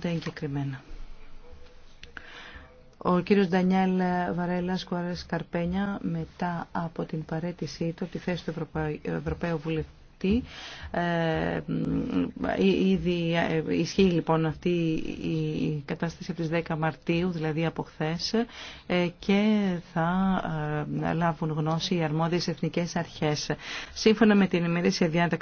δεν εγκεκριμένα. Ο κύριος Ντανιέλ Βαρέλα Κουάρες Καρπένια μετά από την παρέτησή του από τη θέση του Ευρωπαίου Βουλευτή ε, ε, ε ήδη ε, ισχύει λοιπόν αυτή η κατάσταση από τις 10 Μαρτίου, δηλαδή από χθε, και θα λάβουν γνώση οι αρμόδιες εθνικές αρχές. Σύμφωνα με την ημερήσια διάταξη